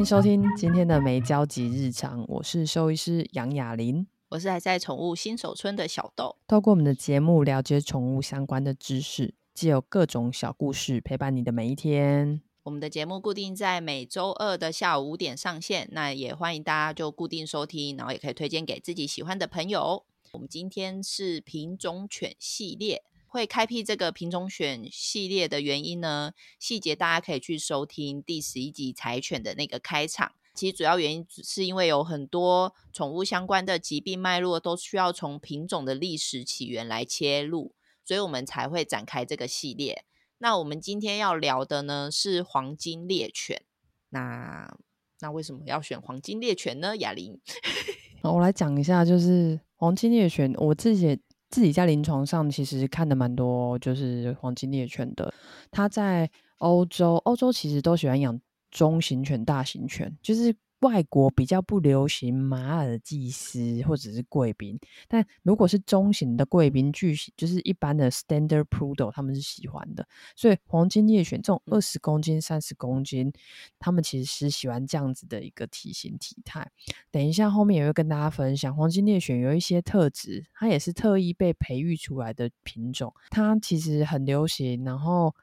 歡迎收聽今天的沒交集日常，我是獸醫師楊雅琳，我是還在寵物新手村的小豆。透過我們的節目了解寵物相關的知識，既有各種小故事陪伴你的每一天。我們的節目固定在每周二的下午五點上線，那也歡迎大家就固定收聽，然後也可以推薦給自己喜歡的朋友。我們今天是品種犬系列。會開闢這個品種選系列的原因呢，細節大家可以去收聽第十一集柴犬的那個開場。其實主要原因是因為有很多寵物相關的疾病脈絡都需要從品種的歷史起源來切入，所以我們才會展開這個系列。那我們今天要聊的呢，是黃金獵犬。那那為什麼要選黃金獵犬呢？雅琳 ，我來講一下，就是黃金獵犬我自己也。自己在臨床上其實看的蠻多哦，就是黃金獵犬的。他在歐洲，歐洲其實都喜歡養中型犬、大型犬，就是。外國比較不流行馬爾濟斯或者是貴賓，但如果是中型的貴賓，巨型就是一般的 Standard Poodle 他們是喜歡的。所以黃金獵犬這種二十公斤、三十公斤，他們其實是喜歡這樣子的一個體型體態。等一下後面也會跟大家分享黃金獵犬有一些特質，它也是特意被培育出來的品種，它其實很流行，然後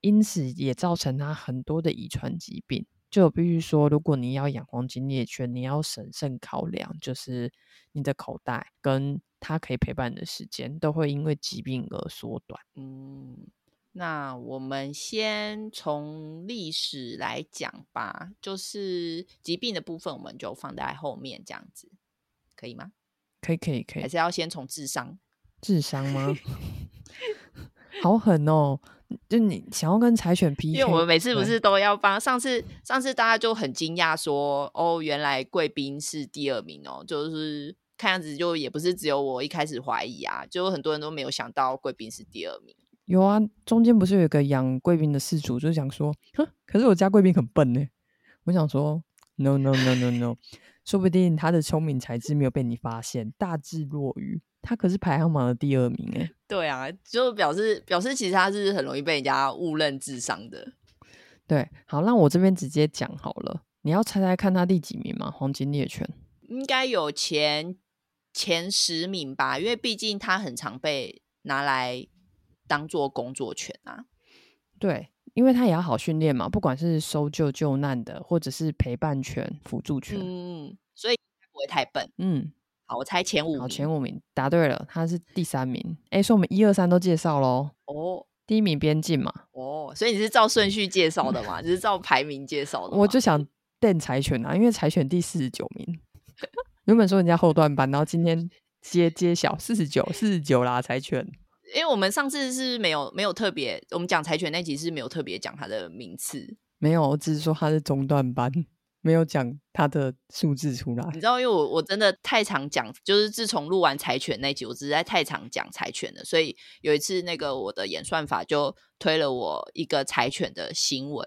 因此也造成它很多的遺傳疾病。就必須說，如果你要養黃金獵犬，你要審慎考量，就是你的口袋跟它可以陪伴的時間都會因為疾病而縮短。嗯，那我們先從歷史來講吧，就是疾病的部分，我們就放在後面這樣子，可以嗎？可以，可，以可以，可以，可以，還是要先從智商？智商嗎？ 好狠哦！就你想要跟柴犬 PK 因為我們每次不是都要幫。上次上次大家就很驚訝說，哦，原來貴賓是第二名哦，就是看樣子就也不是只有我一開始懷疑啊，就很多人都沒有想到貴賓是第二名。有啊，中間不是有一個養貴賓的飼主，就想說，哼，可是我家貴賓很笨呢、欸。我想說，no no no no no，, no. 說不定他的聰明才智沒有被你發現，大智若愚。他可是排行榜的第二名哎、欸，對啊，就表示表示其實他是很容易被人家誤認智商的。對，好，那我這邊直接講好了，你要猜猜看他第幾名嗎？黃金獵犬應該有前前十名吧，因為畢竟他很常被拿來當做工作犬啊。對，因為他也要好訓練嘛，不管是搜救救難的，或者是陪伴犬、輔助犬，嗯，所以不會太笨，嗯。好，我猜前五名。好，前五名答對了，他是第三名。哎、欸，說我們一二三都介紹嘍。哦，第一名邊境嘛。哦，所以你是照順序介紹的嘛？ 你是照排名介紹的。我就想鄧柴犬啊，因為柴犬第四十九名。 原本說人家後段班，然後今天揭揭曉四十九，四十九啦，柴犬。因為、欸，我們上次是沒有沒有特別，我們講柴犬那集是沒有特別講他的名次，沒有，我只是說他是中段班。沒有講他的數字出來，你知道，因為我我真的太常講，就是自從錄完柴犬那集，我實在太常講柴犬的。所以有一次，那個我的演算法就推了我一個柴犬的新聞，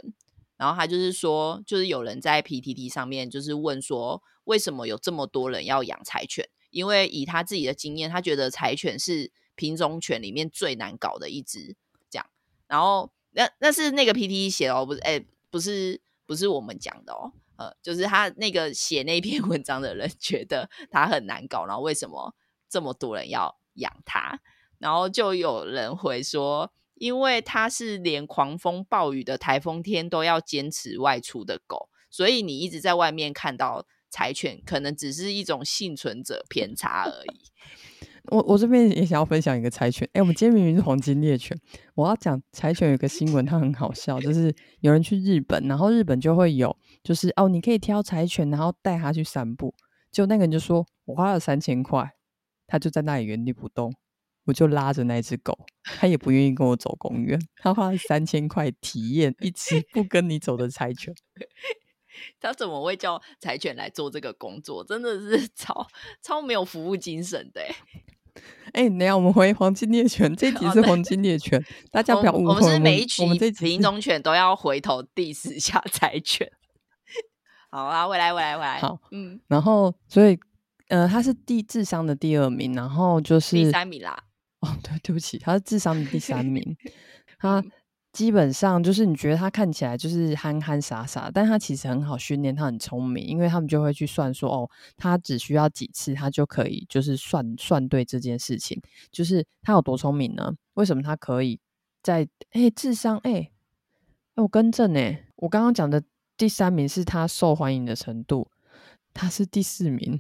然後他就是說，就是有人在 PTT 上面就是問說，為什麼有這麼多人要養柴犬？因為以他自己的經驗，他覺得柴犬是品種犬裡面最難搞的一隻，這樣。然後那那是那個 PTT 寫的哦，不是、哎，不是，不是我們講的哦。呃，就是他那個寫那篇文章的人覺得他很難搞，然後為什麼這麼多人要養他？然後就有人回說，因為他是連狂風暴雨的台風天都要堅持外出的狗，所以你一直在外面看到柴犬，可能只是一種幸存者偏差而已。我我這邊也想要分享一個柴犬，誒，我們今天明明是黃金獵犬，我要講柴犬有個新聞，它很好笑，就是有人去日本，然後日本就會有。就是哦，你可以挑柴犬，然後帶它去散步。就那個人就說，我花了三千塊，他就在那裡原地不動。我就拉着那一隻狗，他也不願意跟我走公園。他花了三千塊體驗 一隻不跟你走的柴犬。他怎麼會叫柴犬來做這個工作？真的是超超沒有服務精神的。哎、欸，等一下，那我們回黃金獵犬這集是黃金獵犬，哦、大家不要誤會。我們是每一集，我們這一集品種犬都要回頭 diss 一下柴犬。好啊，未來未來未來。來來好，嗯，然後所以，呃，他是第，智商的第二名，然後就是第三名啦。哦，對，對不起，他是智商的第三名。 他基本上就是你覺得他看起來就是憨憨傻傻，但他其實很好訓練，他很聰明，因為他們就會去算說，哦，他只需要幾次，他就可以就是算算對這件事情。就是他有多聰明呢？為什麼他可以在，哎，智商，誒，誒，我更正欸，呢，我剛剛講的。第三名是他受歡迎的程度，他是第四名，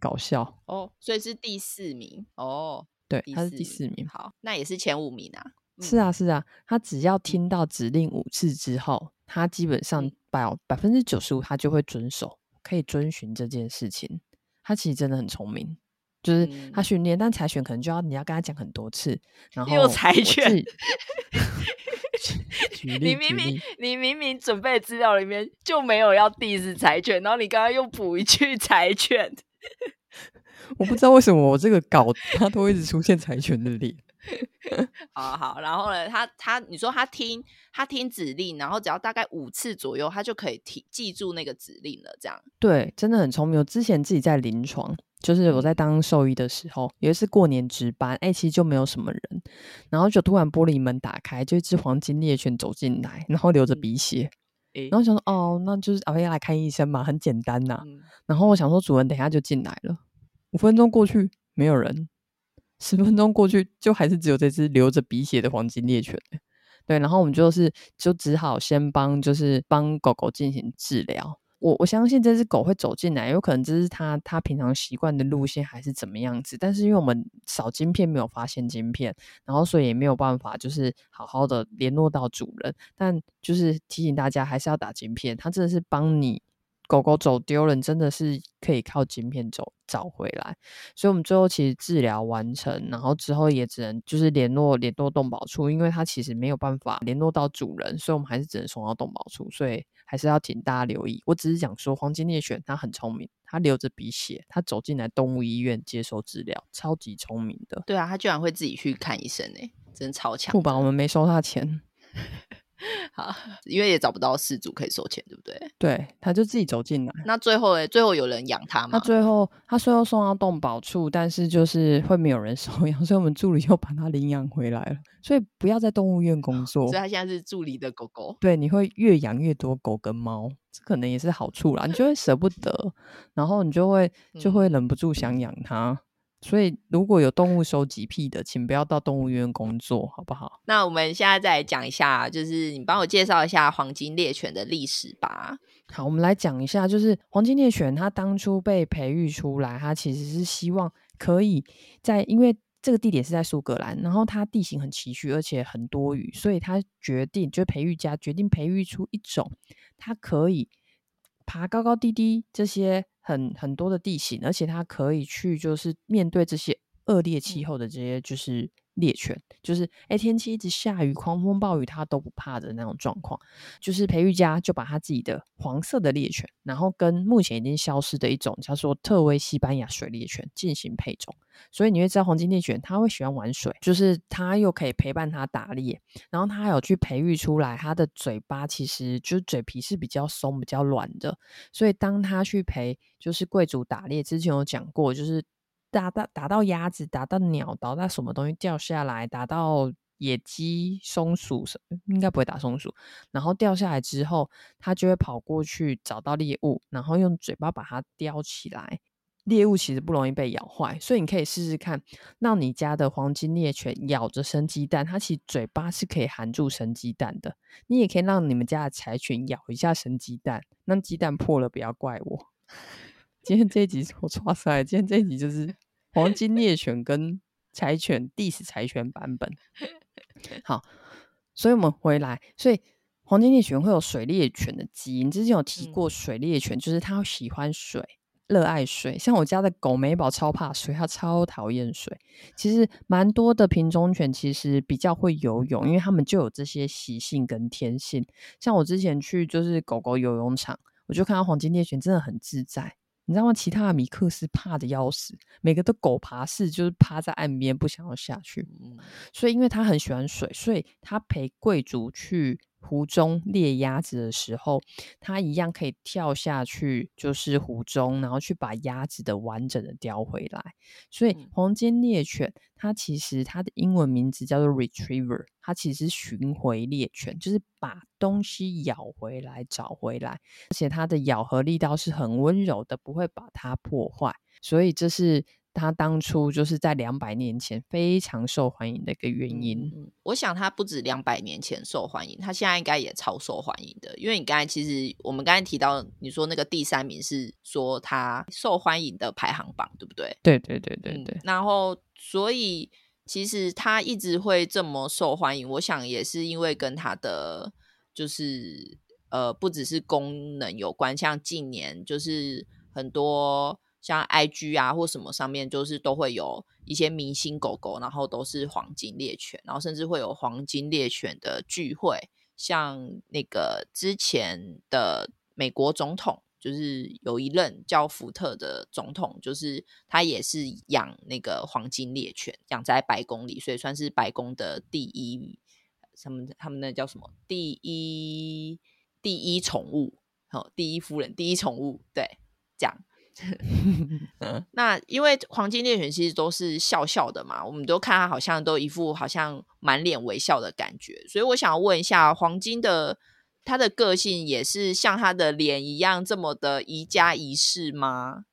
搞笑哦，所以是第四名哦，對，他是第四名，好，那也是前五名啊，是啊，嗯、是啊，他只要聽到指令五次之後，他基本上百百分之九十五他就會遵守，嗯，可以遵循這件事情，他其實真的很聰明。就是他訓練，嗯、但柴犬可能就要你要跟他講很多次，然後柴犬，又 例你明明例你明明準備資料裡面就沒有要第一次柴犬，然後你剛剛又補一句柴犬，我不知道為什麼我這個稿它都會一直出現柴犬的臉。好好，然後呢，他他你說他聽他聽指令，然後只要大概五次左右，他就可以記記住那個指令了。這樣對，真的很聰明。我之前自己在臨床。就是我在當獸醫的時候，有一次過年值班，哎，其實就沒有什麼人，然後就突然玻璃門打開，就一隻黃金獵犬走進來，然後流着鼻血，嗯、然後想說哦，那就是阿威、啊、來看醫生嘛，很簡單吶、啊。嗯、然後我想說，主人等一下就進來了，五分鐘過去沒有人，十分鐘過去就還是只有這隻流着鼻血的黃金獵犬。對，然後我們就是就只好先幫就是幫狗狗進行治療。我我相信這隻狗會走進來，有可能這是它它平常習慣的路線還是怎麼樣子，但是因為我們掃晶片沒有發現晶片，然後所以也沒有辦法就是好好的聯絡到主人，但就是提醒大家還是要打晶片，它真的是幫你。狗狗走丟了，你真的是可以靠晶片走找回來，所以我們最後其實治療完成，然後之後也只能就是聯絡聯絡動保處，因為它其實沒有辦法聯絡到主人，所以我們還是只能送到動保處，所以還是要請大家留意。我只是想說黃金獵犬它很聰明，它流着鼻血，它走進來動物醫院接受治療，超級聰明的。對啊，它居然會自己去看醫生呢，真的超強！不吧，我們沒收它錢。 好，因為也找不到事主可以收錢，對不對？對，他就自己走進來。那最後、欸，最後有人養他嗎？那最後，他最後送到動保處，但是就是會沒有人收養，所以我們助理又把他領養回來了。所以不要在動物院工作。哦、所以，他現在是助理的狗狗。對，你會越養越多狗跟貓，這可能也是好處啦。你就會捨不得， 然後你就會就會忍不住想養它。所以，如果有動物收集癖的，請不要到動物園工作，好不好？那我們現在再來講一下，就是你幫我介紹一下黃金獵犬的歷史吧。好，我們來講一下，就是黃金獵犬它當初被培育出來，它其實是希望可以在，因為這個地點是在蘇格蘭，然後它地形很崎嶇，而且很多雨，所以它決定，就培育家決定培育出一種它可以。爬高高低低這些很很多的地形，而且它可以去，就是面對這些。惡劣氣候的這些就是獵犬，就是哎，天氣一直下雨、狂風暴雨，它都不怕的那種狀況。就是培育家就把他自己的黃色的獵犬，然後跟目前已經消失的一種叫做特威西班牙水獵犬進行配種。所以你會知道黃金獵犬它會喜歡玩水，就是它又可以陪伴它打獵，然後它有去培育出來，它的嘴巴其實就是嘴皮是比較鬆、比較軟的。所以當它去陪就是貴族打獵，之前有講過，就是。打到打到鴨子，打到鳥，打到什麼東西掉下來，打到野雞、松鼠，什應該不會打松鼠。然後掉下來之後，它就會跑過去找到獵物，然後用嘴巴把它叼起來。獵物其實不容易被咬壞，所以你可以試試看，讓你家的黃金獵犬咬着生雞蛋，它其實嘴巴是可以含住生雞蛋的。你也可以讓你們家的柴犬咬一下生雞蛋，那雞蛋破了不要怪我。 今天這一集是我抓出來，今天這一集就是。黃金獵犬跟柴犬，第十柴犬版本。好，所以我們回來，所以黃金獵犬會有水獵犬的基因。之前有提過水獵犬，就是它喜歡水，熱愛水。像我家的狗美寶超怕水，它超討厭水。其實蠻多的品種犬其實比較會游泳，因為他們就有這些習性跟天性。像我之前去就是狗狗游泳場，我就看到黃金獵犬真的很自在。你知道嗎？其他的米克斯怕的要死，每個都狗爬式，就是趴在岸邊不想要下去。所以，因為他很喜歡水，所以他陪貴族去，湖中獵鴨子的時候，它一樣可以跳下去，就是湖中，然後去把鴨子的完整的叼回來。所以黃金、嗯、獵犬它其實它的英文名字叫做 retriever，它其實是尋回獵犬，就是把東西咬回來找回來，而且它的咬合力道是很溫柔的，不會把它破壞。所以這是。他當初就是在兩百年前非常受歡迎的一個原因。嗯，我想他不止兩百年前受歡迎，他現在應該也超受歡迎的。因為你剛才其實我們剛才提到，你說那個第三名是說他受歡迎的排行榜，對不對？對對對對對。嗯，然後，所以其實他一直會這麼受歡迎，我想也是因為跟他的就是呃不只是功能有關，像近年就是很多。像 IG 啊、或什麼上面，就是都會有一些明星狗狗，然後都是黃金獵犬，然後甚至會有黃金獵犬的聚會。像那個之前的美國總統，就是有一任叫福特的總統，就是他也是養那個黃金獵犬，養在白宮裡，所以算是白宮的第一，他們他們那叫什麼？第一第一寵物，第一夫人第一寵物，對，這樣。 那因為黃金獵犬其實都是笑笑的嘛，我們都看他好像都一副好像滿臉微笑的感覺，所以我想要問一下，黃金的他的個性也是像他的臉一樣這麼的宜家宜室嗎？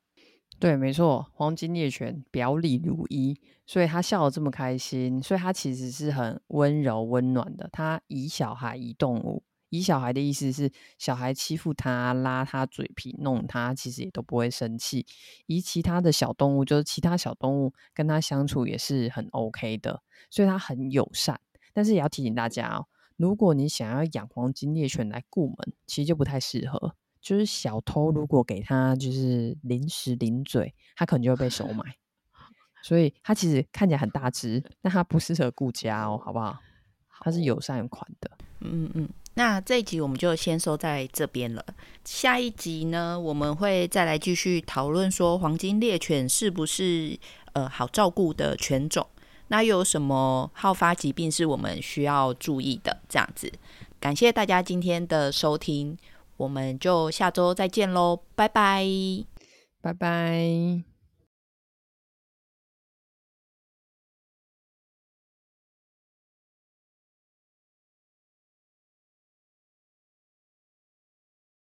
對，沒錯，黃金獵犬表裡如一，所以他笑得這麼開心，所以他其實是很溫柔溫暖的，他宜小孩宜動物。以小孩的意思是，小孩欺負他、拉他嘴皮、弄他，其實也都不會生氣。以其他的小動物，就是其他小動物跟他相處也是很 OK 的，所以他很友善。但是也要提醒大家哦，如果你想要養黃金獵犬來顧門，其實就不太適合。就是小偷如果給他就是零食零嘴，他可能就會被收買。所以它其實看起來很大只，但它不適合顧家哦，好不好？它是友善款的。嗯好嗯。嗯那這一集我們就先收在這邊了。下一集呢，我們會再來繼續討論說黃金獵犬是不是呃好照顧的犬種？那又有什麼好發疾病是我們需要注意的？這樣子，感謝大家今天的收聽，我們就下周再見嘍，拜拜，拜拜。